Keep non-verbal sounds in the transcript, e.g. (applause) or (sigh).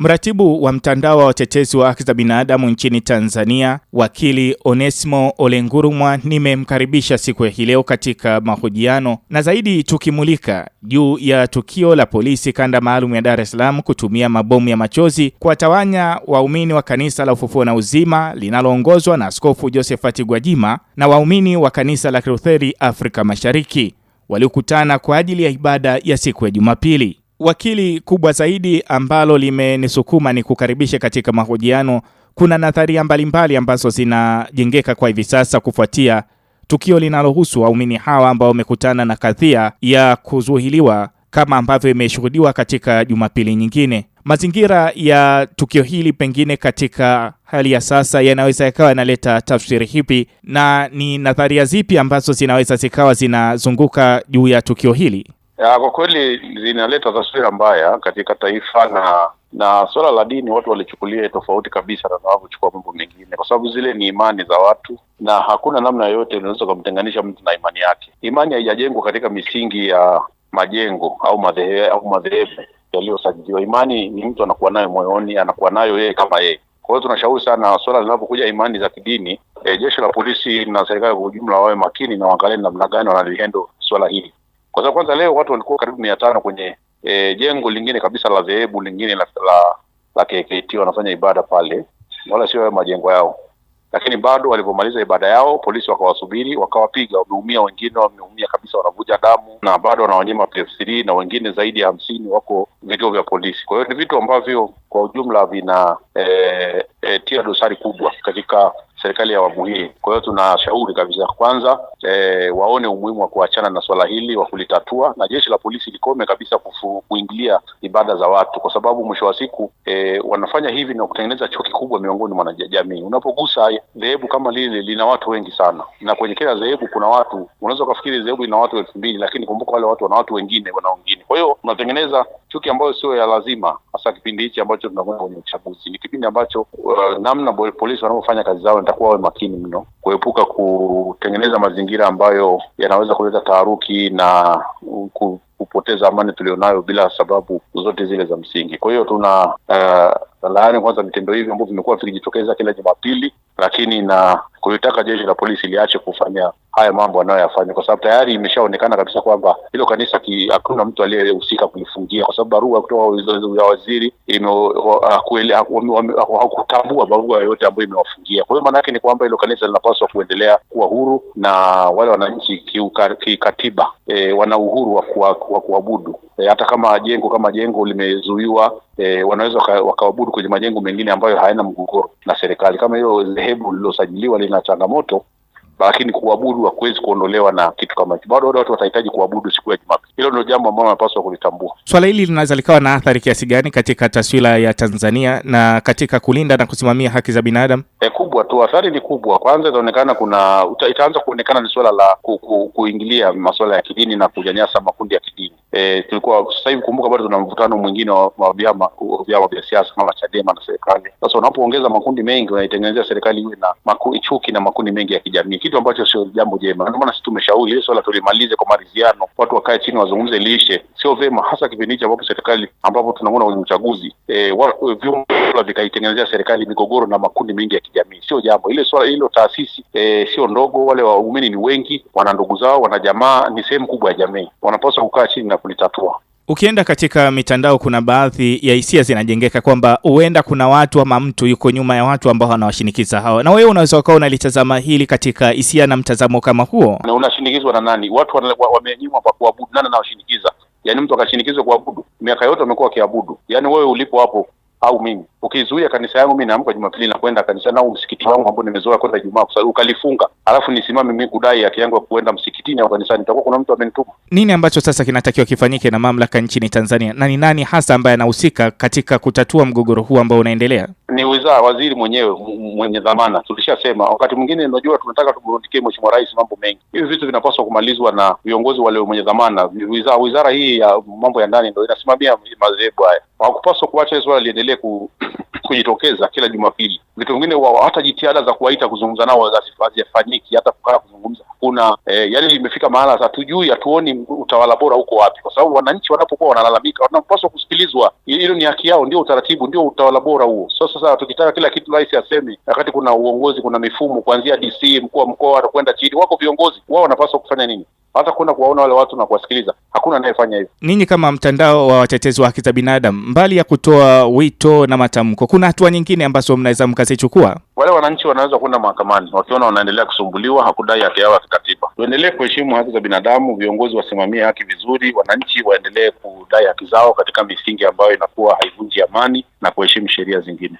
Mratibu wa mtandao wa watetezi wa haki za binadamu nchini Tanzania, wakili onesimo Olengurumwa nimemkaribisha siku ya hii leo katika mahojiano na zaidi tukimulika juu ya tukio la polisi kanda maalum ya Dar es Salaam kutumia mabomu ya machozi kuwatawanya waumini wa kanisa la Ufufuo na Uzima linaloongozwa na Askofu Josephat Gwajima na waumini wa kanisa la Kilutheri Afrika Mashariki waliokutana kwa ajili ya ibada ya siku ya Jumapili wakili kubwa zaidi ambalo limenisukuma ni kukaribisha katika mahojiano, kuna nadharia mbalimbali ambazo zinajengeka kwa hivi sasa kufuatia tukio linalohusu waumini hawa ambao wamekutana na kadhia ya kuzuhiliwa kama ambavyo imeshuhudiwa katika Jumapili nyingine. Mazingira ya tukio hili pengine katika hali ya sasa yanaweza yakawa yanaleta tafsiri hipi, na ni nadharia zipi ambazo zinaweza zikawa zinazunguka juu ya tukio hili? Ya, kwa kweli linaleta taswira mbaya katika taifa na na suala la dini watu walichukulia tofauti kabisa na wanavyochukua mambo mengine, kwa sababu zile ni imani za watu na hakuna namna yoyote unaweza kumtenganisha mtu na imani yake. Imani haijajengwa katika misingi ya majengo au madhehebu au madhehebu yaliyosajiliwa. Imani ni mtu anakuwa nayo moyoni, anakuwa nayo yeye kama yeye. Kwa hiyo tunashauri sana suala linapokuja imani za kidini, e, jeshi la polisi na serikali kwa ujumla wawe makini na waangalie namna gani wanalihendo swala hili kwa sababu kwanza leo watu walikuwa karibu mia tano kwenye e, jengo lingine kabisa la dhehebu lingine la, la, la KKT wanafanya ibada pale, wala sio hayo majengo yao. Lakini bado walivyomaliza ibada yao, polisi wakawasubiri, wakawapiga, wameumia wengine, wameumia kabisa, wanavuja damu, na bado wanawanyima PF3 na wengine zaidi ya hamsini wako vituo vya polisi. Kwa hiyo ni vitu ambavyo kwa ujumla vina e, e, tia dosari kubwa katika serikali ya awamu hii. Kwa hiyo tunashauri kabisa, kwanza e, waone umuhimu wa kuachana na swala hili wa kulitatua, na jeshi la polisi likome kabisa kufu, kuingilia ibada za watu, kwa sababu mwisho wa siku e, wanafanya hivi na kutengeneza chuki kubwa miongoni mwa jamii Unapogusa dhehebu kama lile, lina watu wengi sana, na kwenye kila dhehebu kuna watu, unaweza ukafikiri dhehebu lina watu elfu mbili lakini kumbuka wale watu wana watu wengine, wana wengine. Kwa hiyo unatengeneza chuki ambayo sio ya lazima, hasa kipindi hichi ambacho tunakwenda kwenye uchaguzi. Ni kipindi ambacho uh, namna polisi wanavyofanya kazi zao, nitakuwa wawe makini mno kuepuka kutengeneza mazingira ambayo yanaweza kuleta taharuki na kupoteza amani tulionayo bila sababu zote zile za msingi. Kwa hiyo tuna uh, laani kwanza vitendo hivi ambavyo vimekuwa vikijitokeza kila Jumapili, lakini na kulitaka jeshi la polisi liache kufanya haya mambo anayoyafanya, kwa sababu tayari imeshaonekana kabisa kwamba hilo kanisa hakuna mtu aliyehusika kulifungia, kwa sababu barua kutoka ya waziri hakutambua barua yoyote ambayo imewafungia. Kwa hiyo maana yake ni kwamba hilo kanisa linapaswa kuendelea kuwa huru na wale wananchi kikatiba e, wana uhuru wa kuabudu e, hata kama jengo kama jengo limezuiwa e, wanaweza wakaabudu kwenye majengo mengine ambayo hayana mgogoro na serikali. Kama hiyo dhehebu lililosajiliwa lina changamoto, lakini kuabudu hakuwezi kuondolewa na kitu kama hicho. Bado watu watahitaji kuabudu siku ya Jumapili. Hilo ndio jambo ambalo wanapaswa kulitambua. Swala hili linaweza likawa na athari kiasi gani katika taswira ya Tanzania na katika kulinda na kusimamia haki za binadamu? E, kubwa tu, athari ni kubwa. Kwanza itaonekana kuna itaanza kuonekana ni suala la ku, ku, kuingilia masuala ya kidini na kunyanyasa makundi ya kidini e, tulikuwa sasa hivi kumbuka, bado tuna mvutano mwingine wa vyama vyama vya siasa kama Chadema na serikali. Sasa unapoongeza makundi mengi, unaitengenezea serikali iwe na maku, chuki na makundi mengi ya kijamii, kitu ambacho sio jambo jema. Ndio maana sisi tumeshauri ile swala tulimalize kwa maridhiano, watu wakae chini wazungumze lishe. Sio vema, hasa kipindi hichi ambapo serikali ambapo tunaona kwenye uchaguzi e, eh, vyuma swala vikaitengenezea serikali migogoro na makundi mengi ya kijamii. Sio jambo ile swala hilo, taasisi e, sio ndogo. Wale waumini ni wengi, wana ndugu zao, wana jamaa, ni sehemu kubwa ya jamii, wanapaswa kukaa chini na kulitatua. Ukienda katika mitandao kuna baadhi ya hisia zinajengeka kwamba huenda kuna watu ama mtu yuko nyuma ya watu ambao wanawashinikiza hawa, na wewe unaweza ukawa unalitazama hili katika hisia na mtazamo kama huo. Na unashinikizwa na nani? Watu wamenyimwa pa kuabudu, nani anawashinikiza? Yaani mtu akashinikizwa kuabudu, miaka yote wamekuwa wakiabudu. Yaani wewe ulipo hapo au mimi ukizuia kanisa yangu, mimi naamka Jumapili na kwenda kanisani au msikiti wangu ambao nimezoea kwenda jumaa kwa sababu ukalifunga, alafu nisimame mimi kudai haki yangu ya kuenda msikitini au kanisani, itakuwa kuna mtu amenituma. Nini ambacho sasa kinatakiwa kifanyike na mamlaka nchini Tanzania, na ni nani hasa ambaye anahusika katika kutatua mgogoro huu ambao unaendelea? ni wizara waziri mwenyewe mwenye dhamana. Tulishasema wakati mwingine, unajua tunataka tumrundikie mheshimiwa rais mambo mengi. Hivi vitu vinapaswa kumalizwa na viongozi wale mwenye dhamana. Wizara, wizara hii ya mambo ya ndani ndo inasimamia madhehebu haya, hawakupaswa kuacha hili swala liendelee ku (clears throat) kujitokeza kila Jumapili. Vitu vingine hata jitihada za kuwaita kuzungumza nao hazifanyiki, hata kukaa kuzungumza hakuna eh, yani imefika mahala hatujui, hatuoni utawala bora huko wapi, kwa sababu wananchi wanapokuwa wanalalamika wanapaswa kusikilizwa. Hilo ni haki yao, ndio utaratibu, ndio utawala bora huo. So, sasa tukitaka kila kitu rais aseme, wakati kuna uongozi, kuna mifumo kuanzia DC, mkuu wa mkoa, kwenda chini, wako viongozi wao wanapaswa kufanya nini? hata kwenda kuwaona wale watu na kuwasikiliza, hakuna anayefanya hivyo. Ninyi kama mtandao wa watetezi wa haki za binadamu, mbali ya kutoa wito na matamko, kuna hatua nyingine ambazo mnaweza mkazichukua? Wale wananchi wanaweza kwenda mahakamani wakiona wanaendelea kusumbuliwa, hakudai haki yao ya kikatiba. Tuendelee kuheshimu haki za binadamu, viongozi wasimamie haki vizuri, wananchi waendelee kudai haki zao katika misingi ambayo inakuwa haivunji amani na kuheshimu sheria zingine.